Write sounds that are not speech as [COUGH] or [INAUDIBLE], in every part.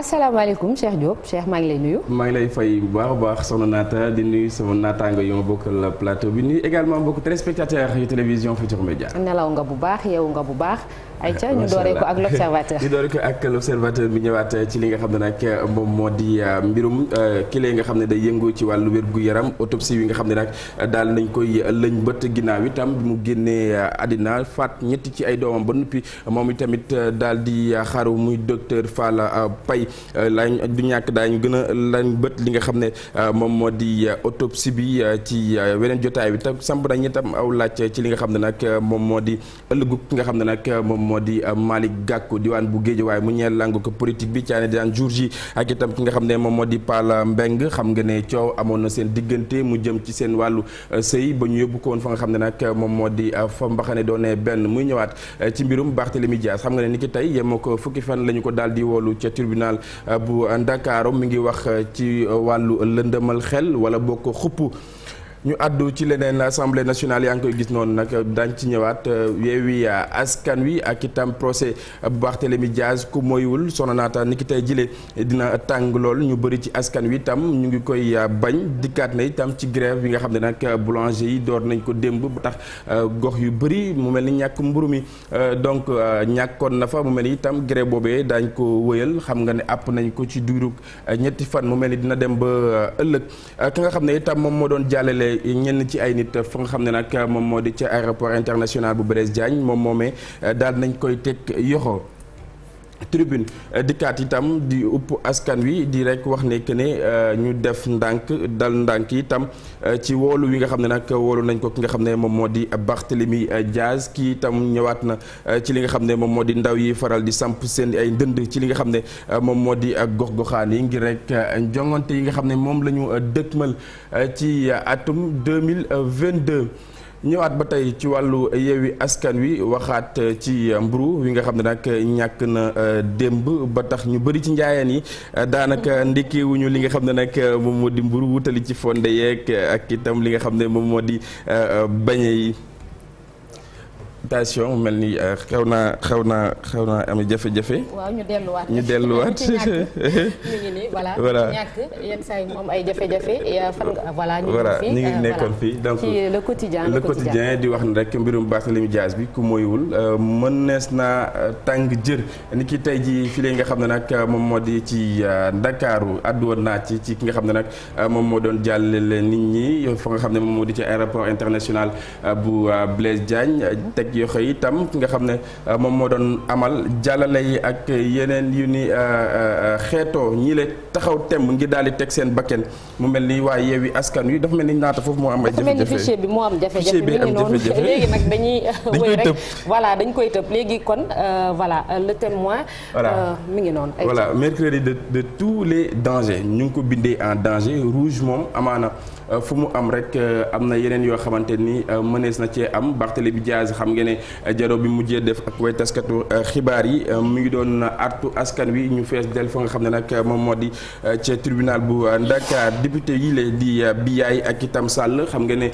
asalaamaaleykum Cheikh Diop Cheikh maa ngi lay nuyu. maa ngi lay fay bu baax a baax soxna Naata di nuyu sama naataango yu ma la plateau bi nuyu également mbokk téléspectateur yu télévision Futurs Médias. nelaw nga bu baax yeewu nga bu baax. ayca ñu dooree ko ak l'observateur [LAUGHS] ñu dooree ko ak l'observateur bi ñëwaat eh, ci li nga xam ne nag eh, moom moo di eh, mbirum kilee nga xam ne day yëngu ci wàllu wér gu yaram autopsie yi nga xam ne nag daal nañ koy lëñ bët ginnaaw itam mu génnee àddina faat ñetti ci ay doomam ba nuppi moom itamit daal di xaru muy docteur Falla Paye lañ du ñàkk daañu gën a lañ bët li nga xam ne moom moo di autopsie bi ci weneen jotaay bi samp samp nañ itam aw laaj ci li nga xam ne nag moom moo di ëllëgu ki nga xam ne nag moom moo di euh, Malick Gakou diwaan bu waaye mu ñeel làng ko politique bi caane daan jour ji ak itam ki nga xam ne moom moo di Pala Mbeng xam nga ne coow amoon na seen diggante mu jëm ci seen wàllu euh, sëy ba ñu yóbbu ko woon fa nga xam ne nag euh, moom moo di fa mbaxane doone benn muy ñëwaat ci mbirum Barthélémy Dias xam nga ne ni ki tey yem ko fukki fan la ñu ko daal di woolu ca tribunal bu Ndakaaru mi ngi wax ci wàllu lëndëmal xel wala boo ko xupp ñu àddu ci leneen assemblée nationale yaa ngi koy gis noonu nag daañ ci ñëwaat euh, Yewwi Askan Wi ak itam procès bu mi Dias ku moywul sono naata ni ki tey jile dina tàng lool ñu bëri ci askan wi itam ñu ngi koy euh, bañ dikkaat na itam ci grève bi nga xam ne nag boulanger yi door nañ ko démb ba tax euh, gox yu bëri mu mel ni ñàkk mburu mi donc ñàkkoon nafa mu mel ni itam grève boobee daañ ko wëyal xam nga ne àpp nañ ko ci duurug ñetti fan mu mel ni dina dem ba ëllëg ñenn ci ay nit fa nga xam ne na moom moo di ci aéroport international bu Blaise jaañ moom moomee daal nañ koy teg yoxo tribune euh, dikkaat itam di upp askan wi di rekk wax ne que ne euh, ñu def ndànk dal ndànk itam euh, ci woolu wi nga xam ne nak woolu nañ ko ki nga xam ne moom moo di Barthélemy Diaz kii itam ñëwaat na ci li nga xam ne moom moo di ndaw yi faral di samp seen ay ndënd ci li nga xam ne moom moo di gox-goxaan yi ngir rek jongante yi nga xam ne moom la ñu dëkkmal ci atum 2022 ñëwaat ba tey ci wàllu yeewi askan wi waxaat ci mburu wi nga xam ne nag ñàkk na euh, démb ba tax ñu bëri ci njaayeen yi euh, daanaka ndekkeewuñu li nga xam ne nag euh, moom moo di mburu wutali ci fonde yeeg ak itam li nga xam ne moom moo di bañe yi tension mu mel ni euh, xew naa xew naa xew naa am jafe-jafe. waaw ñu delluwaat ñu delluwaat. [LAUGHS] ñu ngi euh, ñu ngi euh, nekkoon fii donc ci le quotidien le quotidien di wax ni rek mbirum Barthélémy Dias bi ku moywul mënees na tàng jër ni ki tey jii fii léegi nga xam ne nag moom moo di ci Ndakaaru àddu woon naa ci ci ki nga xam ne nag moom moo doon jàllale nit ñi fa nga xam ne moom moo di ci aéroport international bu Blaise Diagne. Mhm. yu xëy itam ki nga xam ne euh, moom moo doon amal jàllale yi ak yeneen yu ni euh, euh, xeetoo ñii la taxaw temm ngir dal di teg seen bakken mu mel ni waa yeewi askan wi dafa mel ni naata foofu moo am ay jafe-jafe fichier bi moo am jafe-jafe bi ngi noonu léegi [LAUGHS] rek koy tëb léegi kon voilà le témoin mi ngi noonu voilà de de tous les dangers ñu ko bindee en danger rouge moom amaana fu mu am na yeneen yoo xamante ni mënees na cee am Barthélémy Diaz xam nga ngeen ne eh, jaro bi mujjee def ak way taskatu eh, xibaar yi eh, mu ngi doon artu askan wi ñu fees del fa nga xam ne nag moom moo di ca tribunal bu Dakar député yi la di Biaye ak itam sàll xam nga ne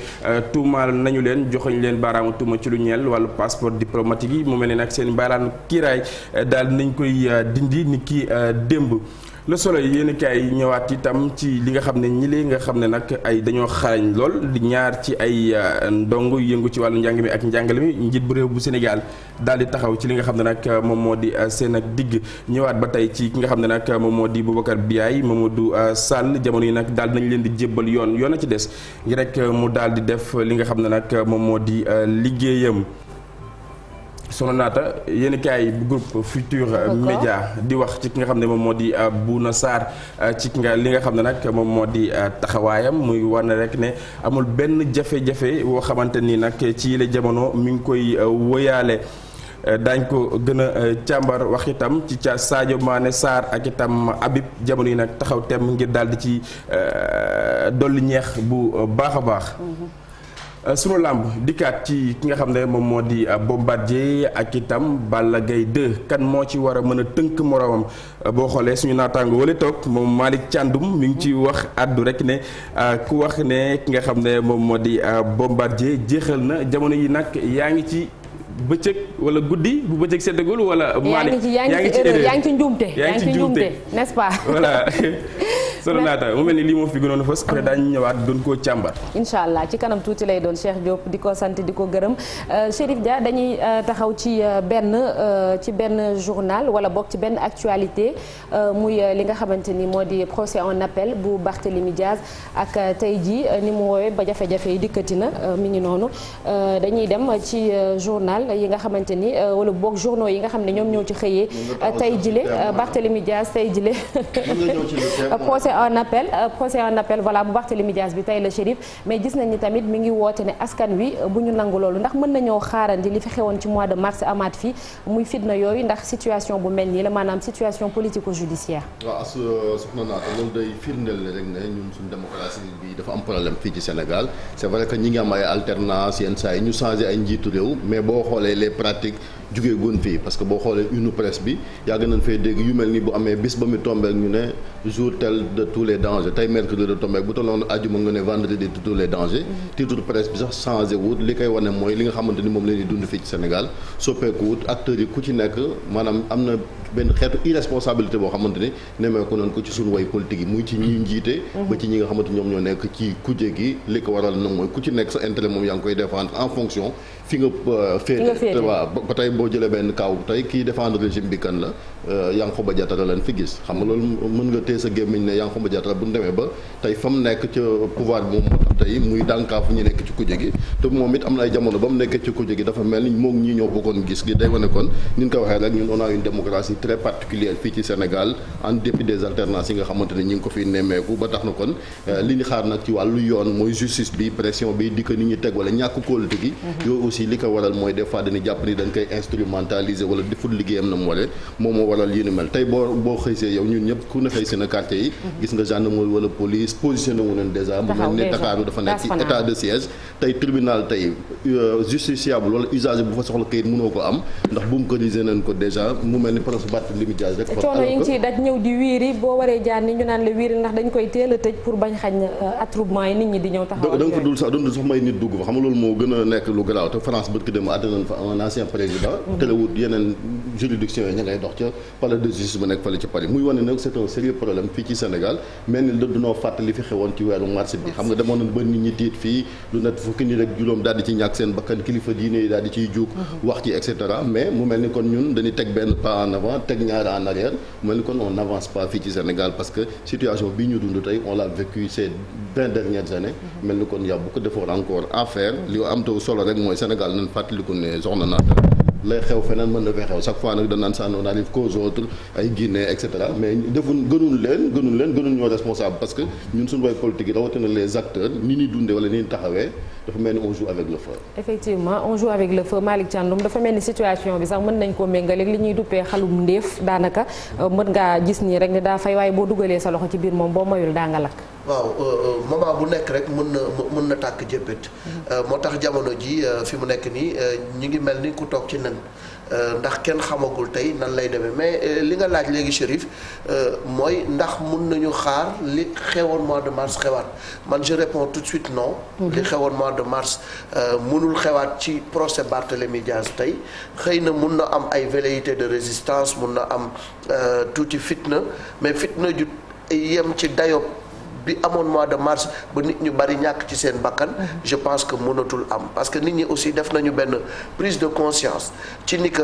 tuumaal nañu leen joxoñ leen baaraamu tuuma ci lu ñeel wàllu passeport diplomatique yi moo mel ne nag seen baaraan kiiraay daal nañ koy dindi ni ki démb le soleil yéen kaay ñëwaat itam ci li nga xam ne ñi nga xam ne nag ay dañoo xaañ lool di ñaar ci ay euh, ndong yëngu ci wàllu njàng mi ak njàngale mi njiit bu réew bu Sénégal daal di taxaw ci li nga xam ne nag moom moo di euh, seen ak digg ñëwaat ba tey ci ki nga xam ne nag moom moo di moom Biaye Mamadou euh, Sall jamono yi nag daal nañ leen di jébbal yoon yoon a ci des ngi rek mu daal di def li nga xam ne nag moom moo di liggéeyam sono naata yéen kaay bu groupe Futur Média di wax ci ki nga xam ne moom moo di euh, Bouna Sarr euh, ci ki nga li nga xam ne nag moom moo di euh, taxawaayam muy wane rek ne amul benn jafe-jafe woo xamante ni nag ci yile jamono mi ngi koy wëyaale daañ ko gën a càmbar wax itam ci ca Sadio Mané saar ak itam Habib jamono yi nag taxaw tem ngir daal di ci dolli ñeex bu baax a baax mm-hmm. Euh, sunu làmb dikkaat ci ki nga xam ne moom moo di euh, Bombardier ak itam Balla Gaye 2 kan moo ci war a mën a tënk moroomam euh, boo xoolee suñu naataango wala toog moom Malick Thiandoum mi ngi ci wax àddu rekk ne ku wax ne ki nga xam ne moom moo di Bombardier jeexal na jamono yi nag yaa ngi ci. bëccëg wala guddi bu bëccëg seddagul wala. maa yaa ngi ci yaa ngi ci yaa ngi ci njuumte yaa ngi [LAUGHS] solo naata mu mel ni lii moo fi gënoon a fës après daañu ñëwaat doon koo càmbar incha allah ci kanam tuuti lay doon Cheikh Diop di ko sant di ko gërëm euh, Chérif Dia dañuy euh, taxaw ci euh, benn ci benn journal wala boog ci benn actualité muy li nga xamante ni moo di procès en appel bu Barthélémy Diaz ak tey jii ni mu woowee ba jafe-jafe yi dikkati na mi ngi noonu dañuy dem ci journal yi nga xamante ni wala boog journaux yi nga xam ne ñoom ñoo ci xëyee tey jile Barthélémy Diaz tey jile [LAUGHS] en appel euh, procès en appel voilà bu Barthélémy Dias bi tey la Chérif mais gis nañ ni tamit mi ngi woote ne askan wi euh, bu ñu nangu loolu ndax mën nañoo xaarandi li fi xewoon ci mois de mars amaat fii muy fitna yooyu ndax situation bu mel nii la maanaam situation politico-judiciaire. waaw as euh, soxna naata loolu day firndeel rek ne ñun suñu démocratie bi dafa am problème fii ci Sénégal c'est vrai que ñi ngi am ay alternance yenn saa yi ñu changé ay njiitu boo xoolee les pratiques. jugee goon fii parce que boo xoolee une presse bi yàgg nañ fay dégg yu mel ni bu amee bis ba mu tombé ñu ne jour tel de tous les dangers tey mercredi de tombé bu tolloon àjjuma nga ne vendredi tous les dangers. titre presse bi sax changé wut li koy wane mooy li nga xamante ni moom la ñuy dund fii ci Sénégal soppeeku wut acteurs yi ku ci nekk maanaam am na benn xeetu irresponsabilité boo xamante ni nemmeeku nañ ko ci suñu way politique yi muy ci ñi njiite ba ci ñi nga xamante ñoom ñoo nekk ci kujje gi moom yaa koy défendre en fonction euh, boo jëlee benn kaaw tey kii défendre régime bi kan la euh, Yankhoba Diattara lañ fi gis xam nga loolu mën nga téye sa gémmiñ ne ba tey fa mu nekk ca pouvoir nekk ci kujje gi te moom it am na ay jamono ba mu nekk ci kujje gi dafa mel ni moom ñoo bokkoon gis gi day wane kon ni ko waxee rek ñun on a une démocratie très particulière fii ci Sénégal en dépit des alternances yi nga xamante ne ñi ngi ko fi nemmeeku ba tax na kon euh, li ñu xaar nag ci wàllu yoon mooy justice bi pression bi di ko nit teg wala ñàkk kóolute gi mhm. yooyu aussi li ko waral mooy des fois jàpp ni dañ koy instrumentaliser wala deful liggéeyam na mu waree moom moo waral yi ni mel tey boo boo xëysee yow ñun ñëpp ku ne xëy si na yi mhm. gis nga gendarmerie wala police positionné wu leen ne Dakar dafa su Barthélémy Dias rek. coono yi ngi ciy daj ñëw di wiiri boo waree jaar ni ñu naan la wiiri ndax dañ koy teel a tëj pour bañ xañ euh, attroupement yi nit ñi di ñëw taxaw da nga dul sax dund sax may nit dugg fa xam nga mm-hmm. demoon ba nit ñi tiit fii lu nekk fukki nit ak juróom daal ci ñàkk seen bakkan kilifa diine yi daal ciy juug mm-hmm. wax ci et mais mu mel ni kon ñun dañuy teg benn pas avant teg ñaari en arrière mel ni kon on n'avance pas fii ci Sénégal parce que situation bi ñu dund tey on l'a vécu ces vingt dernières années mel ni kon y a beaucoup encore à li am taw solo rek mooy Sénégal nañ fàttaliku ne soxna naata lay xew feneen mën na fay xew chaque fois nag danaan sànn on arrive qu'aux autres ay Guinée et mais defuñ gënuñ leen gënuñ leen gënuñ ñoo responsable parce que ñun suñu way politique yi rawatina les acteurs ni ñuy dundee dafa mel ni on joue avec le feu. effectivement on joue avec le feu Malick Thiandoum dafa mel ni situation bi sax mën nañ koo méngaleeg li ñuy duppee xalum ndéef daanaka euh, mën ngaa gis nii rek ne daa fay waaye boo dugalee sa loxo ci biir moom boo mayul daa nga lakk. waaw euh, euh, moment bu nekk rek mën na mën na tàkk jëppit mhm. moo tax jamono ji fi mu nekk nii ñu ngi mel ni ku toog ci nen. Euh, ndax kenn xamagul tey nan lay demee mais euh, li nga laaj léegi Chérif euh, mooy ndax mun nañu xaar li xewoon mois de mars xewaat man je réponds tout de suite non. Mhm. li xewoon mois de mars mënul xewaat ci procès Barthélémy Dias tey xëy na mun na am ay velléité de résistance mun na am tuuti fitna mais fitna ju yem ci dayo bi amoon mois de mars ba nit ñu bari ñàkk ci seen bàkkan mhm. je pense que mënatul am parce que nit ñi aussi def nañu benn prise de conscience ci ni que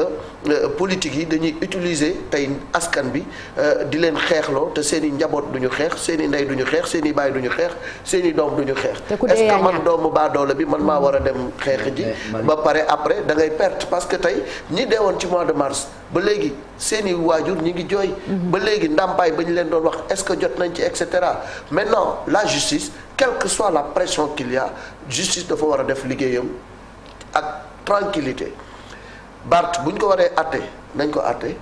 euh, politique yi dañuy utiliser tey askan bi euh, di leen xeexloo te seen i njaboot duñu xeex seen i duñu xeex seeni i baay duñu xeex seen i doom duñu xeex est-ce que man doomu baadoole bi man maa mhm. war a dem xeex ji ba pare après da ngay perte parce que tey ñi deewoon ci mois de mars ba léegi seeni waajur ñu ngi jooy. ba léegi ndàmpaay ba ñu leen doon wax est-ce que jot nañ ci et cetera maintenant la justice quelque que soit la pression qu'il y justice dafa war a def liggéeyam ak tranquillité Bart bu ñu ko waree àtte nañ ko àtte.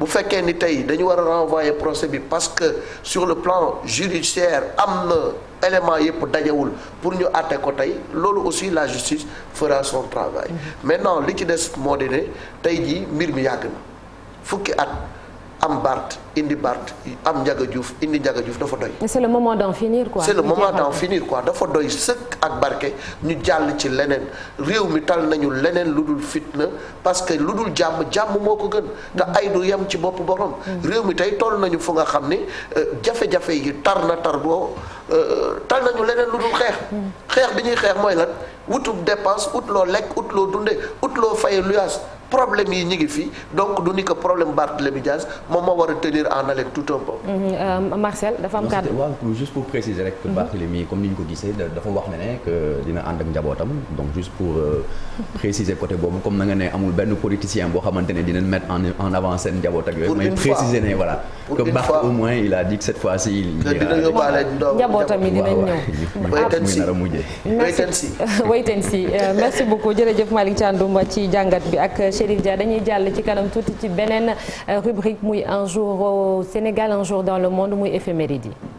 bu fekkee ni tey dañu war a renvoyer procès bi parce que sur le plan judiciaire am na élément yëpp dajewul pour ñu àtte ko tey loolu aussi la justice fera son mais mm-hmm. maintenant li ci des moo di ne tey jii mbir mi yàgg na fukki at am Barth indi Barth am Ndiaga Diouf indi Ndiaga Diouf dafa doy. mais c'est le moment d'en finir quoi. c'est le dafa doy sëkk ak barke ñu jàll ci leneen réew mi tal nañu leneen lu dul fitna parce que lu dul jàmm jàmm moo ko gën te ay du yem ci bopp borom. Mm. réew mi tey toll nañu fu nga xam ni euh, jafe-jafe yi tar na tar boo euh, tal nañu leneen lu dul xeex. Mm. xeex bi ñuy xeex mooy lan wutub dépense ut loo lekk ut loo dundee ut loo fayee luyaas. problème yi ñu ngi fii donc du ni que problème Barthélémy Diaz moom moo war a tenir en haleine tout un peuple. Mm-hmm. Euh, Marcel dafa am kàddu. juste pour préciser rek. que mm-hmm. Barthélémy comme ni ñu ko gisee dafa wax ne ne que dina ànd ak njabootam donc juste pour euh, préciser côté boobu comme na ne amul benn politicien boo xamante ne dinañ mettre en en avant seen njaboot ak yooyu. pour préciser ne voilà. pour une fois au moins il a dit que cette fois-ci il. que dina yóbbaale yi dinañ ñëw. wayten si wayten si wayten si merci beaucoup jërëjëf ci jàngat bi ak Chérif Dia dañuy jàll ci kanam tuuti ci beneen euh, rubrique muy un jour au Sénégal un jour dans le monde muy éphéméride yi.